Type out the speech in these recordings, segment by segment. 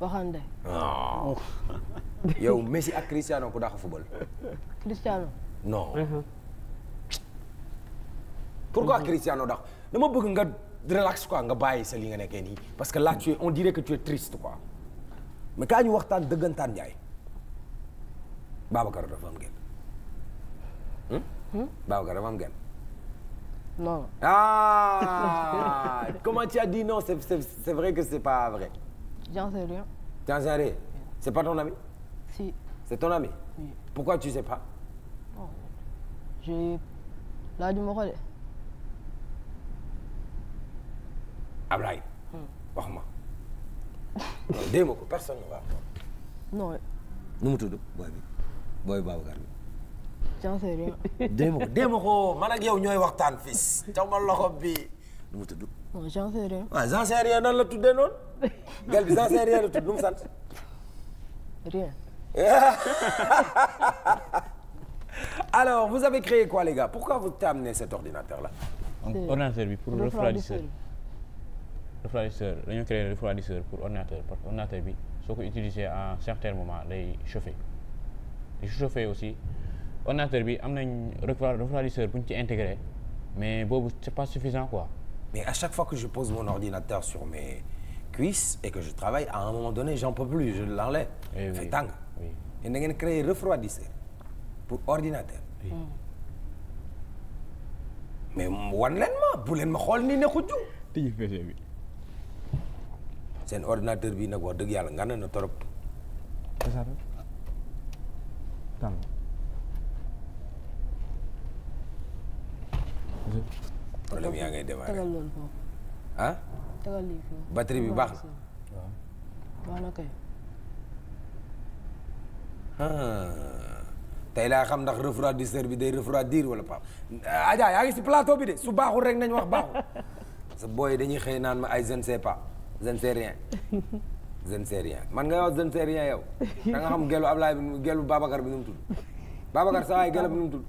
waxande. non ah. oh. yow Messi ak Cristiano ku dàq football. Cristiano. non. Uh-huh. pourquoi Cristiano dàq dama bëgg nga relax quoi nga bàyyi sa li nga nekkee nii parce que là tu es on dirait que tu es triste quoi mais kaa ñu waxtaan dëggantaan Ndiaye Babacar dafa am genn. Hmm? Hmm? Babacar dafa am genn. non. Ah! comment tu as non c'est c'est que c'est pas vrai. J'en sais rien. T'en C'est pas ton Si. C'est ton Pourquoi tu sais pas oh. J'ai laajuma ko de. Ablaye. Hmm. wax ma. dee ma ko personne ne va. non. nu mu booy bi booy Babacar bi. j'en sais rien. dee ma ko dee ma ko man ak yow ñooy waxtaan fii. caw loxo bi nu mu tudd. non j'en sais rien. waaw la tuddee noonu. gal bi j'en sais rien la tudd nu mu sant. rien. alors vous avez créé quoi les gars pourquoi vous amenez cet ordinateur là. ordinateur bi pour refroidisseur. refroidisseur dañoo créé pour ordinateur parce ordinateur bi soo ko utilisé à certains moments day chauffer day chauffer aussi ordinateur bi am nañ refroidisseur bu ñu ci intégré mais boobu c'est pas suffisant quoi. Mais à chaque fois que je pose mon ordinateur sur mes cuisses et que je travaille, à un moment donné, j'en peux plus, je l'enlève. Eh oui. fait tàng. Oui. Et da ngeen créer ordinateur. Oui. Mm. Mais wan leen ma bu leen ma xool ni ne xujju. Tëj PC ordinateur bi nag wax dëgg yàlla nga ne na torop. problème yaa ngay démarrer tegal ah? bi baax na. waaw baax na kay. Ah. tey laa xam ndax refroidisseur bi day refroidir wala pas. ajaa yaa ngi si plateau bi de su baaxul rek nañu wax baaxul. parce que booy dañuy xëy naan ma ay je ne sais pas je ne rien. je ne rien man nga wax je ne sais rien yow. da nga xam gelu Ablaye bi gelu Babacar bi nu mu tudd. Babacar saa waay gelu bi nu mu tudd.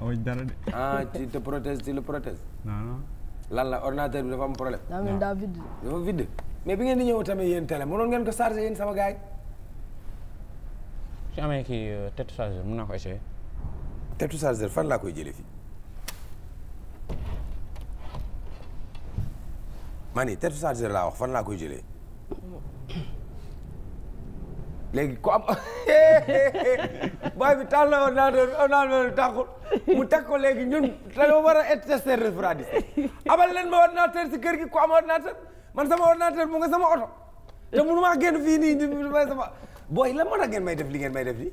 amuñ dara de. ah ci te protège ci le protège. lan la ordinateur bi dafa am problème. daa mel daa vide. dafa vide mais bi ngeen di ñëw tamit yéen télé mënoon ngeen ko chargé yéen sama gars yi. su amee kii euh, tête chargeur mën naa ko fan laa koy jëlee fii. mani tête chargeur laa wax fan laa koy jëlee. léegi ko am booy bi taal na ordinateur taxul mu teg ko léegi ñun dañoo war a tester refradis abal leen ma ordinateur si kër gi ko am ordinateur man sama ordinateur mu nga sama oto te mënu maa génn fii nii di may sama booy la mën a ngeen may def li ngeen may def li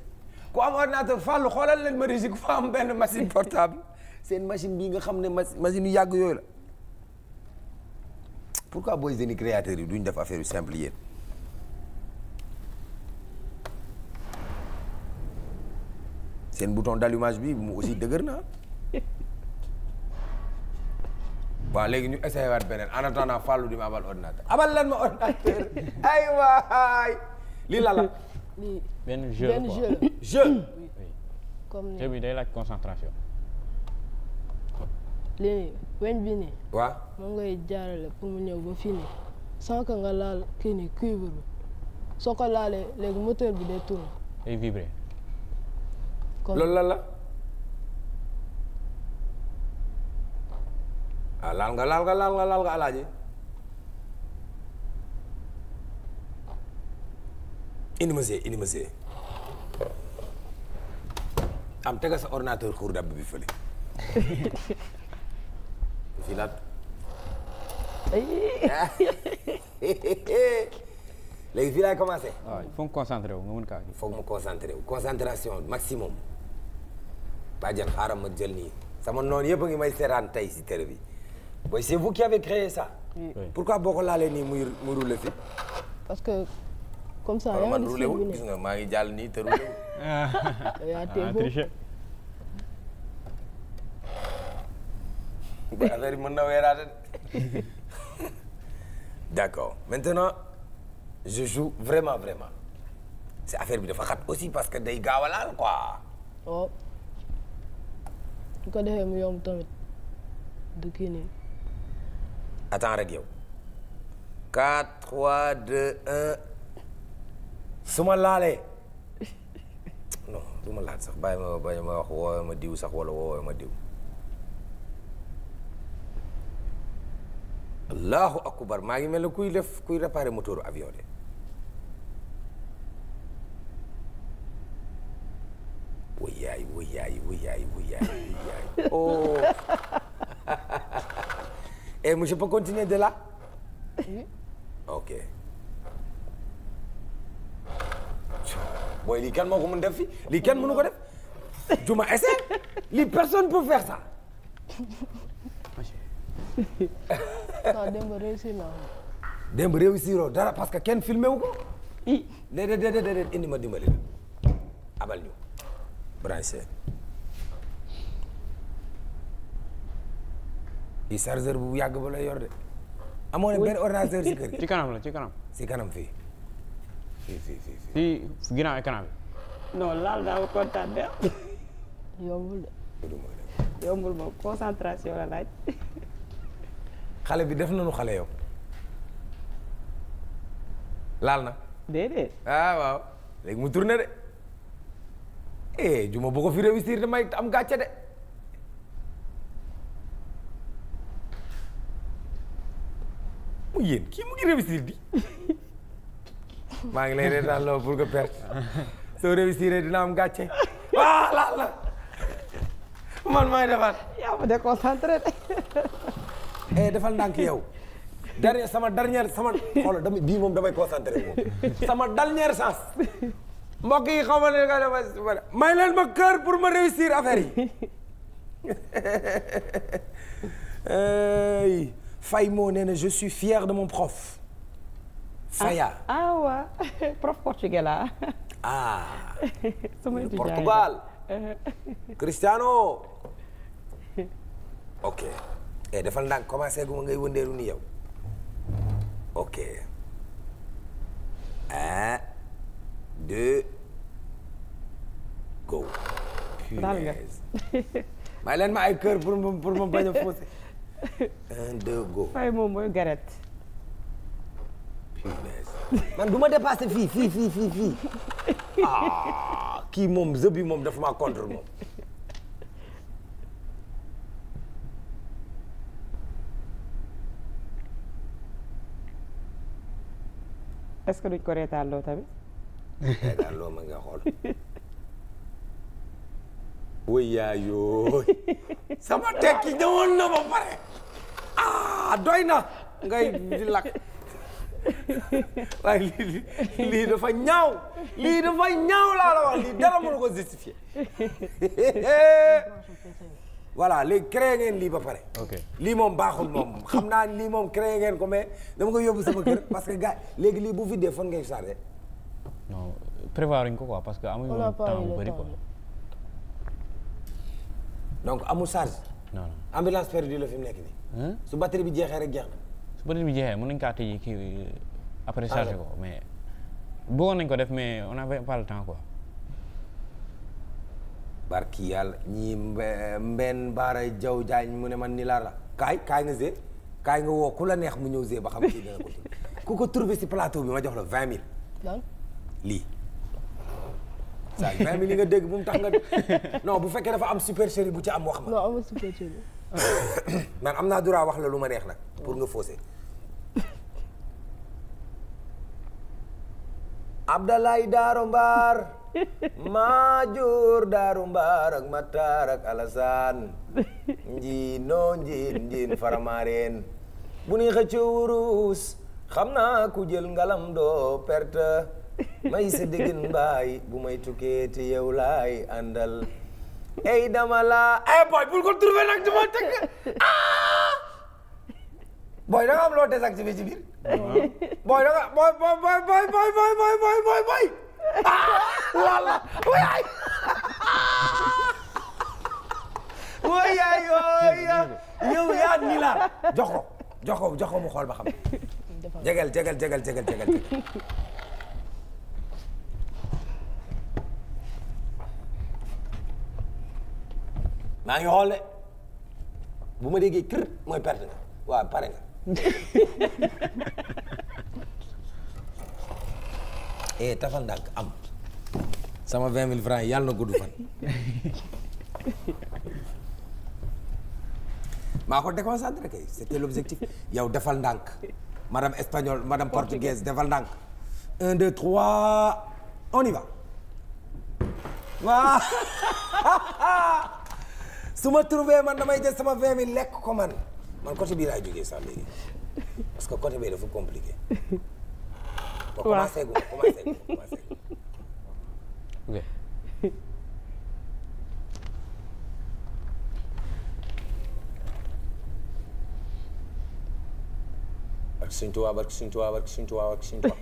ku am ordinateur fàllu xoolal leen ma régie ku fa am benn machine portable seen machine bii nga xam ne machine yu yàgg yooyu la pourquoi booy génie créateur yi duñ def affair yu simple seen bouton d'allumage bi mu aussi dëgër na waaw léegi ñu essayé waat beneen en attendant Fallou di ma abal ordinateur l lan ma ordinateur ay waay lii la la lii benn jeu benn jeu jeu comme jeu bi day laaj concentration léegi weñ bi nii waaw moom ngay jaarale pour mu ñëw ba fii nii sans que nga laal kii nii cuivre bi soo ko laalee léegi moteur bi day tourner day vibrer loolu lan la ah laal nga laal nga laal nga laal nga alaaji indi ma see indi ma see am tega sa ordinateur cour d'abb bi fële fii laat léegi fii laay commencé waaw il faut me concentrer wu nga mën kaa foog mu concentrer wu concentration maximum bàjjan xaaral ma jël nii sama noonu yëpp a ngi may seeraan si télé bi booy c'est vous qui avez créé pourquoi boo ko laalee nii muy muy roulé parce que comme ça. man roulé wul gis nga maa ngi jàll nii te roulé wul. Ah, affaire yi mën na weeraate d'accord maintenant je joue vraiment vraiment c'est affaire bi dafa xat aussi parce que day gaaw a laal quoi. Oh. bu ko defee mu yomb tamit du kii nii. attends rek yow. 4 3 2 su ma laalee. non du ma laal sax bàyyi ma bàyyi ma wax woowee ma diw sax wala woowee ma diw. allahu akbar maa ngi mel ne kuy def kuy réparer moteur avion de. oh et je peux continuer de là. ok. booy lii kenn moo ko mën def fi lii kenn mënu ko def juma essaie lii personne peut faire ça. non démb réussir naa ko. démb réussiroo dara parce que kenn filmé wu ko. déedéet déedéet indi ma dimbali la abal ñu branché. bi chargeur bu yàgg ba lay yor de. amoo ne benn ordinateur si kër gi. ci kanam la ci kanam. si fii. fii fii fii fii. si ginnaaw écran bi. non laal daa ko kontaan de. yombul de. yombul moom concentration la laaj. xale bi def nañu xale yow. laal na. déedéet. ah waaw léegi mu tourné de. eh juma bu ko fi réussir damay am gàcce de. mu yéen kii mu ngi réussir di maa ngi lay reetaan loo pour que perte soo réussir dina am gàcce ah, man maay defar yaa ma déconcentré eh defal ndànk yow dernier sama dernière sama xoolal dama bii moom damay concentré moom sama dernière chance mbokk yi xaw ma ne nga may leen ma kër pour ma réussir affaire fay moo nee na je suis fier de mon prof. Ah. Faya ah, prof portugais ah. Portugal. Cristiano. ok. eh defal ndànk commencé gu ma ngay wëndeelu ni ok. un deux go. daal nga. may leen ma ay kër pour ma pour ma un deux go. fay moom mooy garet. man du ma dépassé fii fii fii fii fii ah kii moom jeu bi moom dafa ma contre moom. est-ce que duñ ko reetaan loo tamit. reetaan loo ma nga xool. woy yaayooy sama tekki ñëwoon na ba doy na ngay di lakk waaye lii lii dafa ñaaw lii dafa ñaaw laa la wax lii dara mënu ko justifier voilà léegi créé ngeen lii ba pare. ok lii moom baaxul moom xam naa lii moom créé ngeen ko mais dama ko yóbbu sama kër parce que gars léegi lii bu vidéo fan ngay chargé. non prévoir ñu ko parce que amuñu temps bu bëri quoi. donc amul charge. non non ambulance la fi nekk nii. su batterie bi jeexee rek jeex na. su batterie bi jeexee mën nañ kaa tëj kii euh, après chargé ko mais bëggoon nañ ko def mais on avait pas le temps quoi. barki yàlla ñii mbenn baara jaw jaañ mu ne man ni laa la kaay kaay nga zee kaay nga woo ku la neex mu ñëw zee ba xam ne dina ko ku ko trouvé si plateau bi ma jox la vingt mille. lii. saa vingt mille yi nga dégg bu mu tax nga non bu fekkee dafa am super chérie bu ci am wax ma. non am super chérie. man am naa droit wax la lu ma neex nag pour nga fausser Abdalaay Daaro Mbaar Maajoor Daaro Mbaar ak Matar ak Alassane njiinoo njiin njiin faramaareen bu ni xëcc wurus xam naa ku jël ngalam doo perte may sa déggin mbaay bu may tukkee te yow laay àndal ey dama la eh boy bul ko trouvé nag du ma teg ah boy da nga am loo désactivé ci biir. boy da nga boy boy boy boy boy boy boy boy boy ah wala waay waay waay yow yaa ni la jox ko jox ko jox ko mu xool ba xam. jegal jegal jegal jegal jegal. maa ngi xool de bu ma déggee kër mooy perte nga waaw pare nga. eh tafal ndànk am sama vingt mille francs yàlla na gudd fan. maa ko déconcentré kay c'était l'objectif yow defal ndànk madame espagnole madame portugaise defal ndànk un deux trois on y va su ma trouvé man damay jël sama vingt mille lekk ko man man côté bii laay jógee sax léegi parce que côté bii dafa compliqué. waaw commencé gu commencé gu commencé gu. barke Sëñ Tuubaa barke Sëñ Tuubaa barke Sëñ Tuubaa barke Sëñ Tuubaa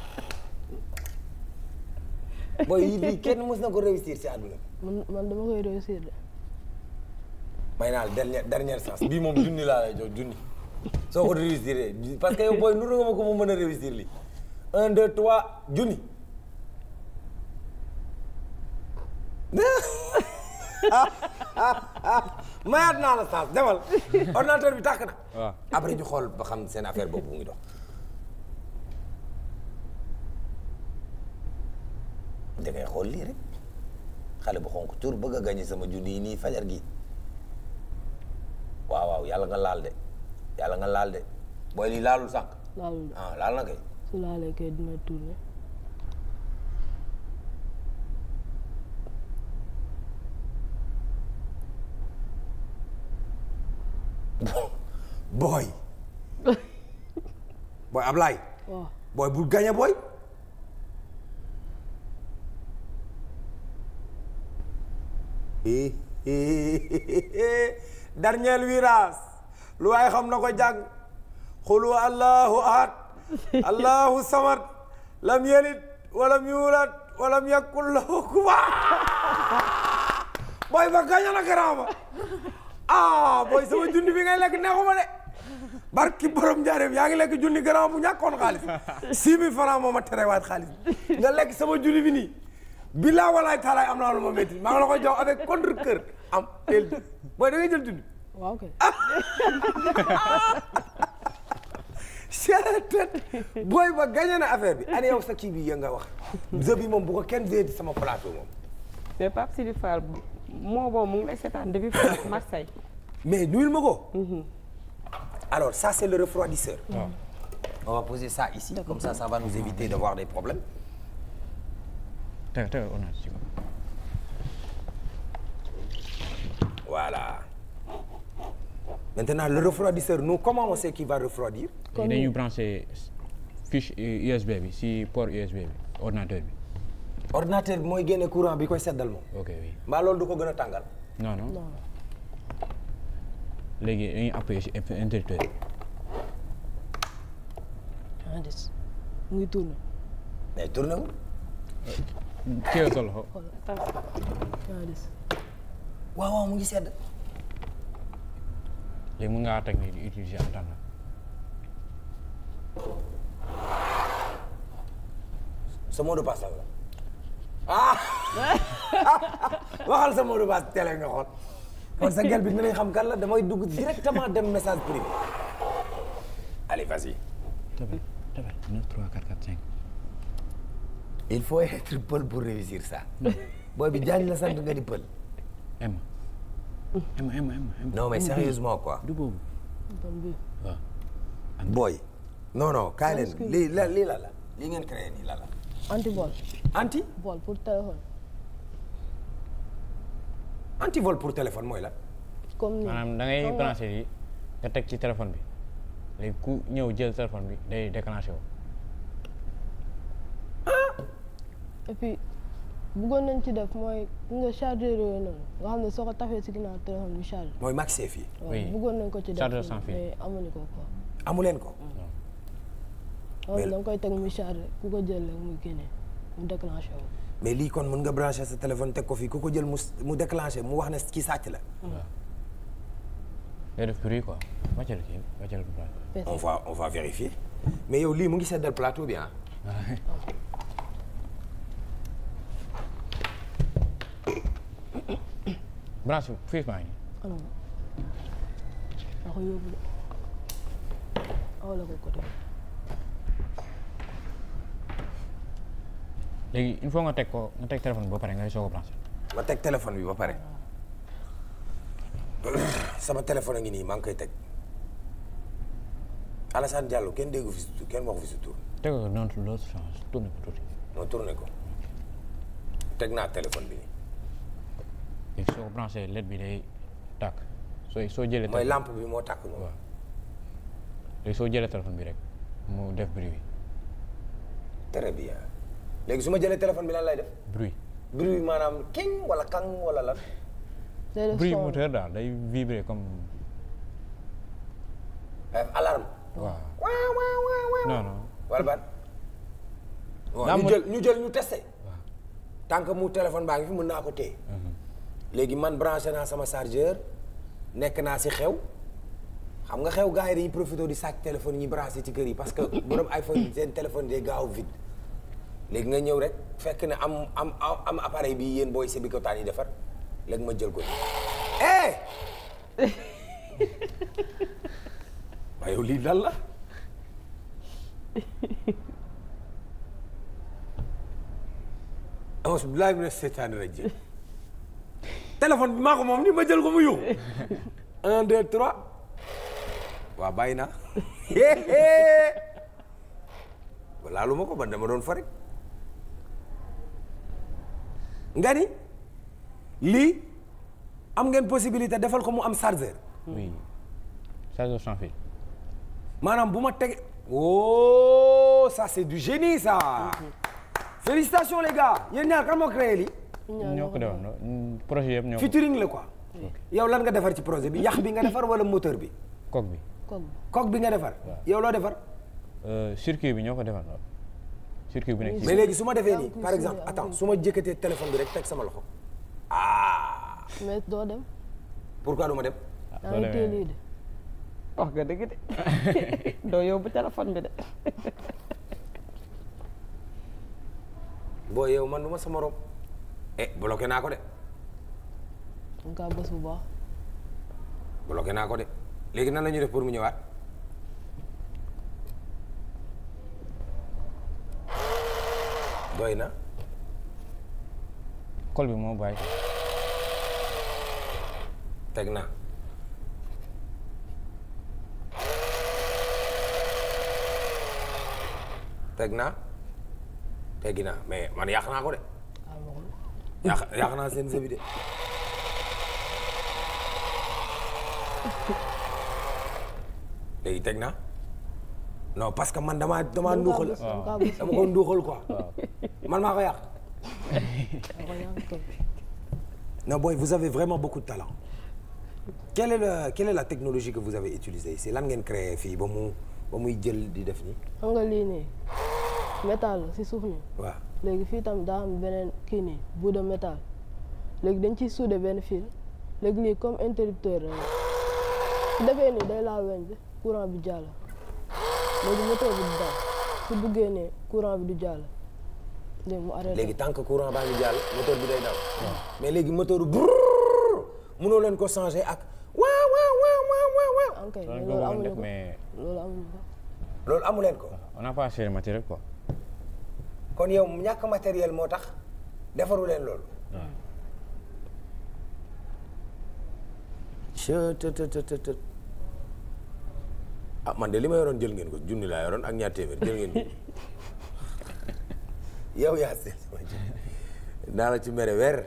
booy yi bii kenn mës na ko réussir si àdduna man man dama koy réussir de. may naa dernière dernière chance bii moom junni laa lay junni soo ko réussir parce que booy nuru nga ma ko mu mën a réussir li un deux trois junni. mayaat naa la chance demal ordinateur bi tàkk na. waaw après ñu xool ba xam seen affaire boobu mu ngi dox. da ngay xool lii rek xale bu xonq tur bëgg a gañe sama junni yi nii fajar gi waaw waaw yàlla nga laal de yàlla nga laal de booy lii laalul sax. Ah, booy. booy Ablaye. waaw oh. booy bul gañe booy. dernier virage lu waaye xam na ko jàng xulu allahu ahad allahu samad lam yalid walam yulad walam yakul lahu kufuwan booy ba gaña na booy sama junni bi nga lekk neexuma de barki borom njaareem yaa ngi lekk junni garaam bu ñàkkoon xaalis six mille francs moo ma xaalis nga lekk sama junni bi nii bilaa walaay taalaay am naa lu ma métti maa ngi la koy jox avec contre cœur am teel booy da ngay jël tudd. waaw kay. c'est ah! booy ba gagné na affaire bi ani yow sa kii bi ya nga wax. jeu bi moom bu ko kenn dee sama plateau moom. mais Pape Sidi Fall moo boobu mu ngi lay seetaan depuis France Marseille. mais nuyul ma ko. Mhm. alors ça c'est le refroidisseur. Mm -hmm. on va poser ça ici comme ça ça va nous éviter d'avoir des problèmes. tegal tegal ordonnance ci voilà maintenant le refroidisseur nous comment on sait va refroidir. comme branché fiche eh, USB bi si port USB bi ordinateur bi. ordinateur bi mooy génne courant bi koy seddal moom. ok oui mbaa loolu du ko gën a tàngal. non non non. léegi dañuy appuyer si interrupteur bi. ah des mu ngi tourné. mais téye waaw waaw mu ngi sedd. léegi mën ngaa teg nii di utiliser antenne. sa mot de passe la. Ah! waxal sa mot de passe nga xool kon sa gel bi dinañ xam kan la damay dugg directement dem message privé. allez vas-y. tabal tabal 9 3 4 4 il faut être pël pour réussir ça. Mm. booy bi jaañ la sant nga di pël. Emma. Mm. Emma Emma Emma. non mais booy. non non kaay leen la la la ngeen créé nii la la. anti vol. pour téléphone. anti pour téléphone mooy la. comme maanaam da ngay branché lii teg ci téléphone bi léegi ku ñëw jël téléphone bi day déclenché et puis bëggoon nañ ci def mooy bu nga nga xam ne soo ko tafee si ginnaaw téléphone bi charge. mooy max safe yi. buggoon nañ ko ci def chargeur sans fil mais amuñu ko quoi. amu leen ko. mais da koy teg muy chargé ku ko jël rek muy génne mu déclenché mais lii kon mën nga branché sa téléphone teg ko fii ku ko jël mu mu déclenché mu wax ne kii sàcc la. day def bruit quoi wàccal kii wàccal on va on va vérifier mais yow lii mu ngi seddal plateau bi ah. branche léegi il faut nga teg ko nga teg téléphone bi ba pare nga soog a branché. ma teg téléphone bi ba pare. sama téléphone a ngi nii maa ngi koy teg Alassane Diallo kenn déggu fi surtout kenn waxu fi surtout. teg ko non loolu change tourné ko tuuti. non tourné ko teg naa téléphone bi nii. bi soo branché led bi day tàkk soo soo jëlee. mooy lampe bi moo tàkk moom. soo jëlee téléphone bi rek mu def bruit. très bien léegi su ma jëlee téléphone bi lan lay def. bruit bruit maanaam king wala kang wala lan. day bruit moteur daal day vibrer comme. alarme. waaw waaw waaw waaw. non non wala ñu jël ñu jël ñu testé. mu téléphone baa ngi fi mën naa ko téye. léegi man branché naa sama chargeur nekk naa si xew xam nga xew gars yi dañuy profité di sàcc téléphone ñi branché ci kër yi parce que borom iPhone seen téléphone day gaaw vide léegi nga ñëw rek fekk ne am am am appareil bi yéen booy sebi kotaan yi defar léegi ma jël ko eh waaye yow lii dal la auzu billaahi mina seytaani rajiim téléphone bi maa ko moom ni ma jël ko mu yóbbu. un deux trois waaw bàyyi naa laalu ma ko ba dama doon farit nga ni lii am ngeen possibilité defal ko mu am chargeur. oui chargeur sans fil. maanaam bu ma tege. oh ça c'est du génie ça. Mm-hmm. félicitations les gars yéen ñaar kan moo créé ñoo ko defandoo projet yëpp ñoo ko. featuring la quoi. yow lan nga defar ci projet bi yax bi nga defar wala moteur bi. coque bi. coque bi nga defar. yow loo defar. Euh, circuit bi ñoo ko defar circuit bi nekk mais léegi su ma defee nii par exemple attends su ma jëkkatee téléphone bi rek teg sama loxo. Ah. mais doo dem. pourquoi du ma dem. Ah, wax nga dëgg de doo yow bu téléphone bi de. boo yow man du ma sama rob eh bloqué naa ko de. en tout cas bu baax. bloqué naa ko de léegi nan la ñuy def pour mu ñëwaat. ¿ah? doy na. col bi moo bàyyi. teg naa. teg naa. mais man yàq naa ko de. yàq yàq naa seen sëbi de. léegi teg na non parce que man damaa damaa nduuxal. dama ko nduuxal quoi. man maa ko yàq. non boy vous avez vraiment beaucoup de talent. quelle est la quelle est la technologie que vous avez utilisée c'est lan ngeen créé fii ba mu ba muy jël di def nii. xam nga lii nii. métal si suuf nii. waaw léegi fii tam daa am beneen kii nii bout de léegi dañ ciy soudé benn fil léegi lii comme interrupteur la su defee nii day laal weñ bi courant bi jàll léegi moteur bi du daal jàll léegi mu arrêté. léegi tant que courant baa ngi jàll moteur bi day daw. mais léegi moteur bi mënoo leen ko changer ak. waaw waaw waaw waaw waaw. ok loolu ko loolu amuñu ko. loolu amu leen ko. kon yow ñàkk matériel moo tax defaru leen loolu. ah man de li ma yoroon jël ngeen ko junni laa yoroon ak ñaar téeméer jël la ci mere weer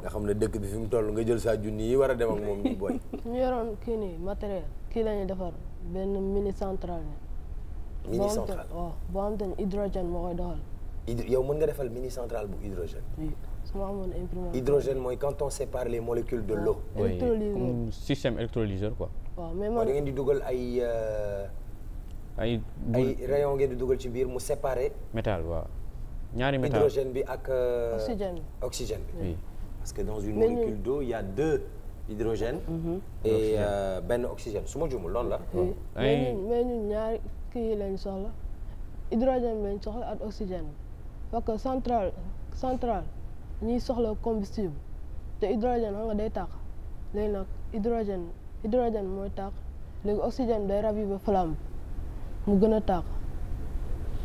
nga xam ne dëkk bi fi mu toll nga jël saa junni yi war a dem ak moom ñu booy. yoroon kii nii matériel kii la defar benn mini centrale. mini centrale waaw oh, boo am te hydrogène moo koy doxal. yow mën nga defal mini centrale bu hydrogène. oui su ma amoon imprimé. hydrogène mooy quand on sépare les molécules de ah, l'eau eau. Oui, comme système électrolyseur quoi. waaw mais man da ngeen di dugal ay. Euh, ay rayon ngeen di dugal ci biir mu séparer. métal waaw ñaari métal hydrogène bi ak. Euh, oxygène oxygène bi. parce que dans une molécule d'eau il y a deux. hydrogène. Mm-hmm. Euh, benn oxygène su ma juumul loolu la. mais ñun ñaari takk yi lañ soxla hydrogène lañ soxla ak oxygène parce que centrale centrale ñuy soxla combustible te hydrogène xam nga day tàq léegi nag hydrogène hydrogène mooy tàq léegi oxygène day raviver flamme mu gën a tàq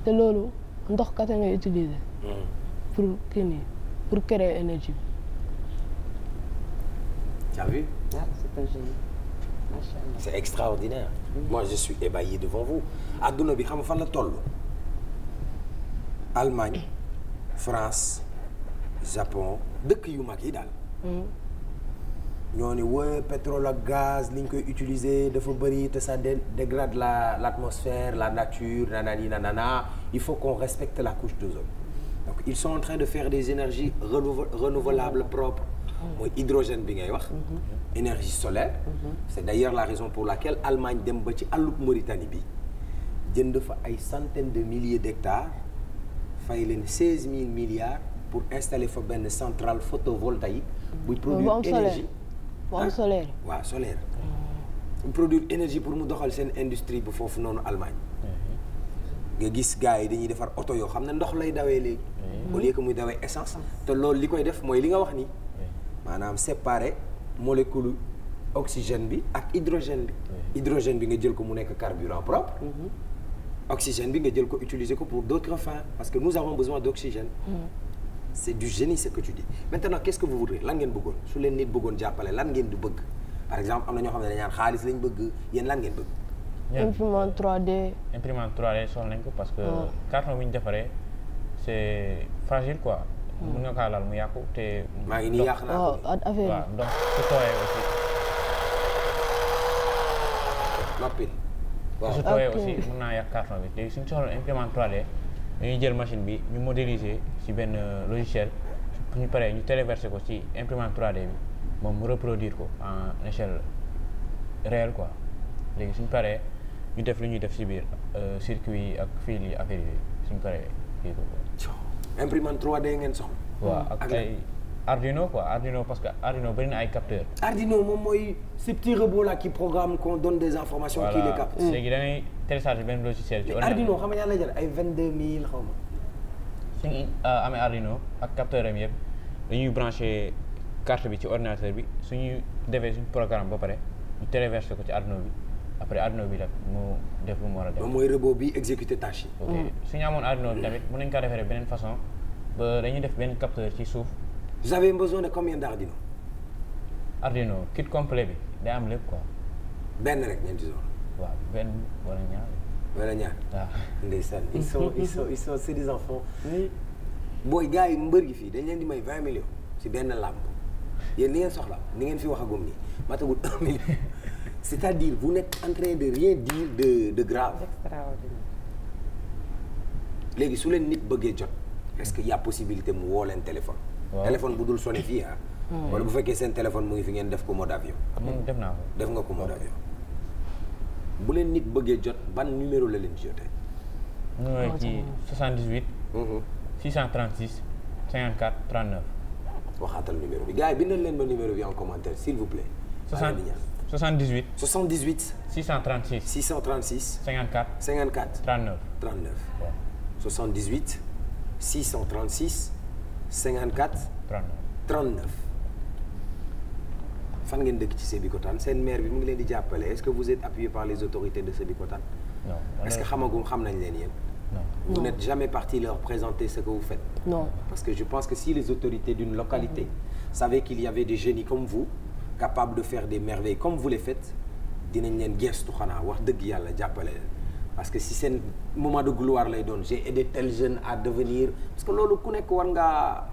te loolu ndox kese ngay utiliser. Hmm. pour kii pour créer énergie ah, c'est un génie. Macha Allah. c'est extraordinaire. àdduna bi xam fan la toll Allemagne France Japon dëkk yu mag yi daal mm-hmm. ñoo ni wooy pétrole ak gaz li ñu koy utiliser dafa bëri te sa dégrade la l'atmosphère la nature nanani nanana il faut qu'on respecte la couche d'ozone donc ils sont en train de faire des énergies renouvelables mm-hmm. propres mm-hmm. mooy hydrogène bi ngay wax énergie solaire c'est d'ailleurs la raison pour laquelle Allemagne dem ba ci àllub Mauritanie bi jënd fa ay centaines de milliers d'hectares fay leen seize mille milliards pour installer fa benn centrale photovoltaïque buy produire énergie bu am ah, solaire waaw solaire hmm. produire énergie pour mu doxal seen industrie bu foofu noonu Allemagne hmm. nga gis gars yi dañuy defar oto yoo xam ne ndox lay dawee léegi hmm. au lieu que muy dawee essence te loolu li koy def mooy li nga wax nii maanaam séparer molécule oxygène bi ak hydrogène bi hydrogène bi nga jël ko mu nekk carburant propre oxygène bi nga jël ko utiliser ko pour d'autres fins parce que nous avons besoin d'oxygène mm. c'est du génie ce que tu dis maintenant qu'est-ce que vous voudrez lan ngeen bëggoon su leen nit bëggoon jàppale lan ngeen di bëgg par exemple am na ñoo xam ne dañaan xaalis lañ bëgg yéen lan ngeen bëgg imprimante 3D imprimante 3D soxla nañ ko parce que mm. carton bi ñu defaree c'est fragile quoi mën mm. nga kaa laal mu yàqu te maa ngi nii yàq naa ko oh, waaw a waaw su tooyee aussi mën naa yàq carton bi léegi suñu soxla imprimante 3D dañuy jël machine bi ñu modéliser ci benn euh, logiciel su ñu paree ñu téléverser ko ci imprimante 3D bi moom mu reproduire ko en échelle réel quoi léegi suñ paree ñu def lu ñuy def ci biir euh, circuit yi ak fil yi affaire suñ paree kii ko imprimante waaw ak ay Arduino quoi Arduino parce que Arduino bëri na ay capteurs. Arduino moom mooy ce petit robot là qui programme qu'on donne des informations. qui les capte léegi da ngay télécharger benn logiciel. ci ordinateur xam nga ñaata la jël ay vingt deux mille xaw ma. suñu ah, amee Arduino ak am yëpp dañuy branché carte bi ci ordinateur bi suñuy defee suñu programme ba pare ñu téléversé ko ci Arduino bi après Arduino bi la mu def lu mu war a def. moom mooy a bi exécuté tâche mm. amoon Arduino bi tamit mën nañu kaa defee beneen façon ba dañuy def benn capteur ci suuf. vous avez besoin de combien d'Arduino. Arduino kit complet bi day am lépp quoi. benn rek ñeenti zone. waaw benn wala ñaar. wala ñaar. waaw ndeysaan ils sont ils sont ils sont c'est des enfants. booy gars yi mbër yi fii dañ leen di may vingt millions ci benn làmb yéen li ngeen soxla ni ngeen fi wax agum nii matagul un million c'est-à-dire vous n'êtes en train de rien dire de de grave. léegi su leen nit bëggee jot est-ce que y a possibilité mu woo leen téléphone. téléphone bu dul sonné fii ah. Hmm. wala bu fekkee seen téléphone mu ngi fi ngeen def ko mode avion. Ah, def naa ko def nga ko mode avion. bu leen nit bëggee jot ban numéro la leen di jotee. numéro ci 78. 636 54 39. waxaatal numéro bi gars yi bindal leen ma numéro bi en commentaire s'il vous plaît. 78. 78. 636. 636. 54. 54. 39. 39. 78. 636. 54. 39 39. fan ngeen dëkk ci Sébikotane seen maire bi mu ngi leen di jàppale est-ce que vous êtes appuyé par les autorités de Sébikotane. non est-ce que xamagum xam nañ leen yéen. non vous n'êtes jamais parti leur présenter ce que vous faites. parce que je pense que si les autorités d'une localité savaient qu'il y avait des génies comme vous capables de faire des merveilles comme vous les faites dinañ leen gestu xanaa wax dëgg yàlla jàppale leen. parce que si seen moment de gloire lay doon j'ai aidé tel jeune à devenir parce que loolu ku nekk war ngaa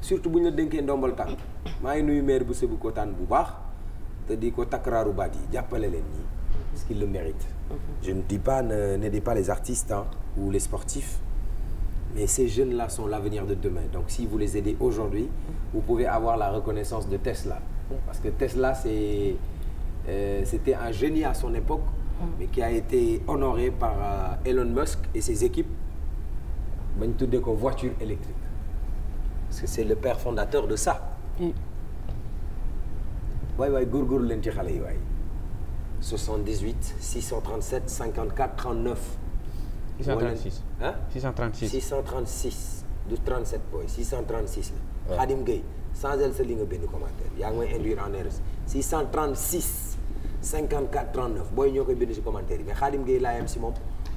surtout bu ñu la dénkee ndombal tànk maa ngi nuyu maire bu Sébou tan bu baax te di ko takraaru baat yi jàppale leen parce que le mérite mhm. je ne dis pas n'aidez pas les artistes hein, ou les sportifs mais ces jeunes là sont l'avenir de demain donc si vous les aidez aujourd'hui vous pouvez avoir la reconnaissance de Tesla parce que Tesla c'est euh, c'était un génie à son époque mais qui a été honoré par euh, Elon Musk et ses équipes bañ tuddee ko voiture électrique parce le père fondateur de ça waay waay góorgóorlu leen ci xale yi waay 78 637 54 39 636 ah 636 636 du 37 booy 636 la Khadim Gueye changel sa li nga benn commentaire yaa ngi may induire en erreur 636 54 39 booy ñoo koy bind ci commentaire yi mais Khadim Gueye laa yem ci moom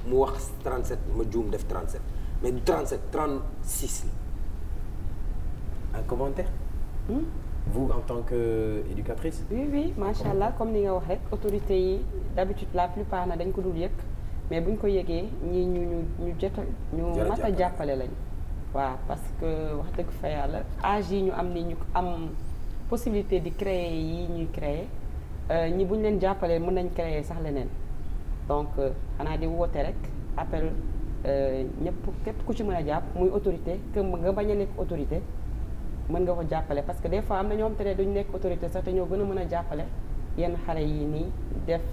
mu wax 37 ma juum def 37 mais du 37 36 la. un commentaire. Hmm? vous en tant que euh, éducatrice. oui oui macha allah comme ni nga wax rek autorité yi d'habitude la plupart na dañ ko dul yëg mais buñ ko yëgee ñii ñu ñu ñu jot ñu mat a jàppale lañ. waaw parce que wax dëgg fa yàlla âge yi ñu am ni ñu am possibilité di créer yi ñuy créer. Euh, ñi bu ñu leen jàppalee mën nañ créer sax leneen donc euh, xanaa di woote rek appel euh, ñëpp képp ku ci mën a jàpp muy autorité que nga bañ a nekk autorité mën nga ko jàppale parce que des fois am na ñoo xam nekk autorité sax te ñoo gën a mën a jàppale yenn xale yi nii def.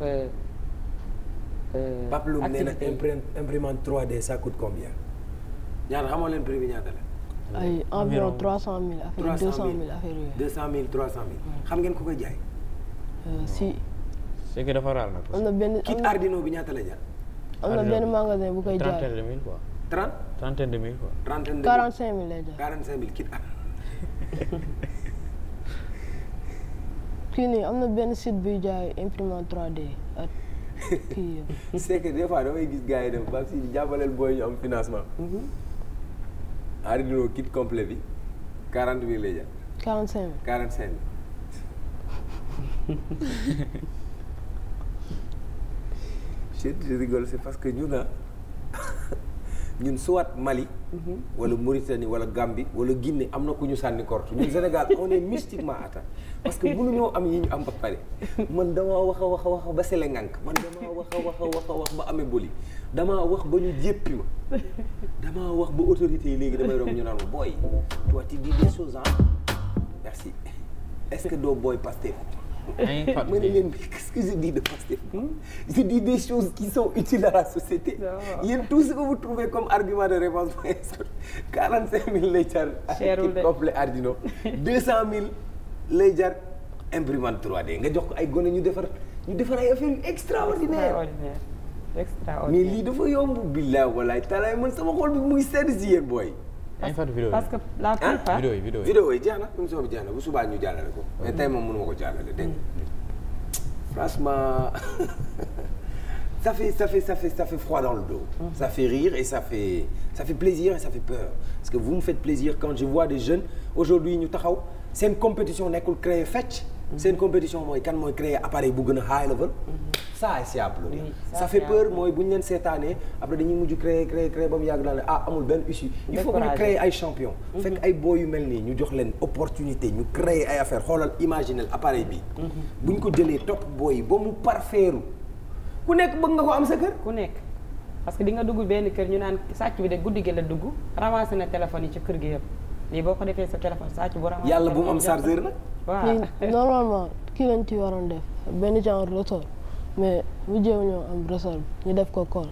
Pape Loum nee na imprimante 3D ça coûte combien. ñaata ngeen ko ko jaay. Euh, si. c'est que dafa raar nag. am na benn kit Arduino bi ñaata la jar. am na benn magasin bu koy jaay trentaine de mille quoi. trente. trentaine de mille quoi. trentaine de mille quarante cinq mille lay jar. quarante cinq mille kit ar. kii nii am na benn site buy jaay imprimante 3D ak kii yëpp. c'est que des fois damay gis gars yi dem ba si jàppaleel booy ñu am financement. Mhm. Arduino kit complet bi quarante mille lay jar. quarante cinq mille quarante cinq mille. je je parce que ñun ah ñun soit Mali. Mhm. wala Mauritanie wala Gambie wala Guinée am na ku ñu sànni korte ñun Sénégal on est mystiquement atteint parce que mënuñoo am yi ñu am ba pare man damaa wax a wax a wax ba selengank man damaa wax a wax a wax ba amee boli damaa wax ba ñu jéppi ma damaa wax ba autorité yi léegi damay romb ñu naan booy toi tu dis des merci est-ce que doo booy Pastef ma ne leen qu'est-ce que je dis de Pastef je dis des choses qui sont utiles la société yéen tout ce que vous trouvez comme argument de réponse quarante cinq mille lay jar kit complet deux cent mille lay jar imprimante 3D nga jox ko ay gone ñu defar ñu defar ay affaire yu extraordinaire mais lii dafa yomb billaay walaay talaay man sama xol bi muy sedd si yéen booy parce que la plupart ah, ah, vidéo yi vidéo yi jeex na émission bi jeex na bu subaa ñu jàllale ko mm. mais tey moom mënu ma ko jàllale dégg franchement froid dans le dos mm. ça rire et ça plaisir et peur parce que vous me faites plaisir quand je vois des jeunes aujourd'hui ñu taxaw seen compétition nekkul créer fecc seen compétition mooy kan mooy créer appareil bu gën a high level. ça c'est applaudir. ça fait peur mooy bu ñu leen seetaanee après dañuy mujj créer créer créer ba mu yàgg daal ne ah amul benn issue. il faut que ñu créer ay champion. Mhm. fekk ay boo yu mel nii ñu jox leen opportunité ñu créer ay affaire xoolal imaginer appareil bi. Mhm. bu ñu ko jëlee topp boo yi ba mu parfeeru ku nekk bëgg nga ko am sa kër. ku nekk parce que di nga dugg benn kër ñu naan sàcc de guddi gi la dugg ramassé na téléphone yi ci kër gi yëpp. lii boo ko defee sa téléphone saa ci borom. yàlla bu mu am chargeur nag. waaw normalement ki lañ ci waroon def benn genre ressort mais mu jéem ñoo am ressort ñu def ko kool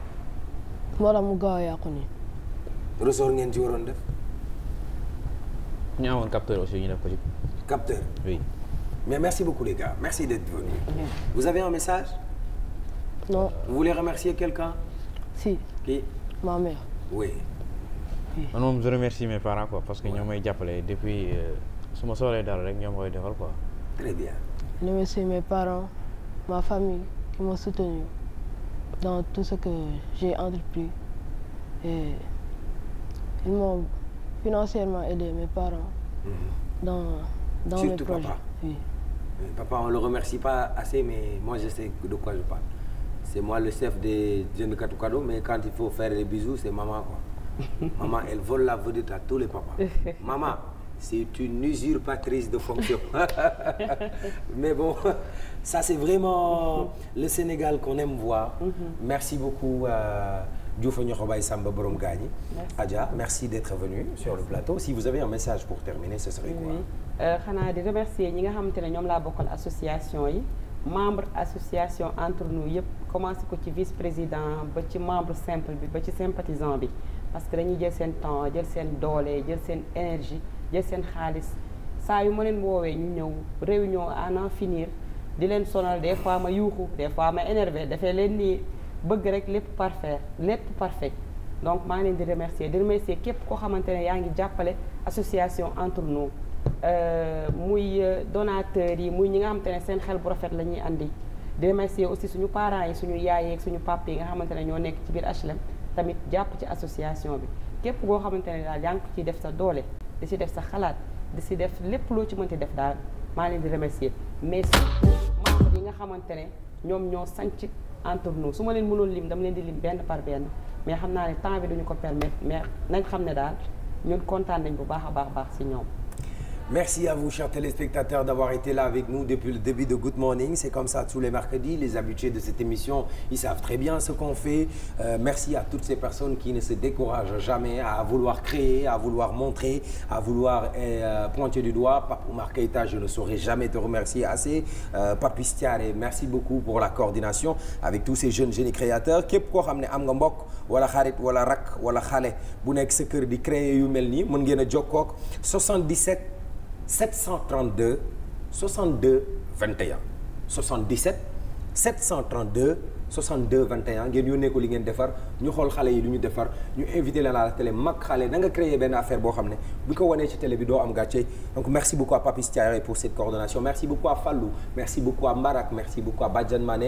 moo tax mu gaaw yàqu nii. ressort ngeen ci waroon def. ñu amoon capteur aussi ñu def ko ci. capteur oui. mais merci beaucoup les gars merci de venus. Oui. vous message. non vous voulez remercier quelqu'un. si. qui. man moom je remercie mes parents quoi parce ñoo may jàppale depuis euh, su ma soxlee dara rek ñoom koy defal quoi. très bien. je remercie mes parents ma famille qui m'ont soutenu dans tout ce que j'ai entrepris et ils m'ont financièrement aidé mes parents. Mhm. dans dans Surtout mes projets papa. oui. papa on le remercie pas assez mais moi je sais de quoi je parle c'est le chef des jeunes Katu Kado mais quand il faut faire les bisous c'est maman quoi. Maman, elle vole la vedette à tous les papas. Maman, c'est une usurpatrice de fonction. Mais bon, ça c'est vraiment le Sénégal qu'on aime voir. Mhm. Merci beaucoup. Euh, Dioufonyorobaï Samba Borom Gagni. Adja, merci d'être venu sur le plateau. Si vous avez un message pour terminer, ce serait quoi euh, xanaa di remercier ñi nga xamante ne ñoom laa bokkal association yi membre association entre nous yëpp commencé ko ci vice président ba ci membre simple bi ba ci sympathisant bi. parce que dañuy jël seen temps jël seen doole jël seen énergie jël seen xaalis saa yu ma leen woowee ñu ñëw réunion à n'en finir di leen sonal des fois ma yuuxu des fois ma énervé dafay leen nii bëgg rek lépp parfait lépp parfait donc maa ngi leen di remercier di remercier képp koo xamante ne yaa ngi jàppale association entre nous euh, muy euh, donateurs yi muy ñi nga xamante ne seen xel bu rafet la ñuy andi di remercier aussi suñu parent yi suñu yaay yeeg suñu papa yi nga xamante ne ñoo nekk ci biir HLM. tamit jàpp ci association bi képp koo xamante ne daal yaa ngi ciy def sa doole di si def sa xalaat di si def lépp loo ci mënti def daal maa leen di remercier mais surtout membres yi nga xamante ne ñoom ñoo sanc entre nous su ma leen mënoon lim dama leen di lim benn par benn mais xam naa ne temps bi duñu ko permettre mais nañ xam ne daal ñun kontaan nañ bu baax a baax baax si ñoom Merci à vous, chers téléspectateurs, d'avoir été là avec nous depuis le début de Good Morning. C'est comme ça tous les mercredis. Les habitués de cette émission, ils savent très bien ce qu'on fait. Euh, merci à toutes ces personnes qui ne se découragent jamais à vouloir créer, euh, euh, merci beaucoup pour la coordination avec tous ces jeunes génies créateurs. koo xam ne am nga mbokk wala xarit wala rak wala xale bu nekk sa kër di créer yu mel nii mën ngeen a jokkook 77 732 62 21 77 732 62 21 ngeen yónnee ko li ngeen defar ñu xool xale yi lu ñu defar ñu invité la à la télé mag xale na nga créé benn affaire boo xam ne bu ko wanee ci télé bi doo am gàcce donc merci beaucoup à Papis Thiaré pour cette coordination merci beaucoup à Fallou merci beaucoup à Mbarak merci beaucoup à Badiane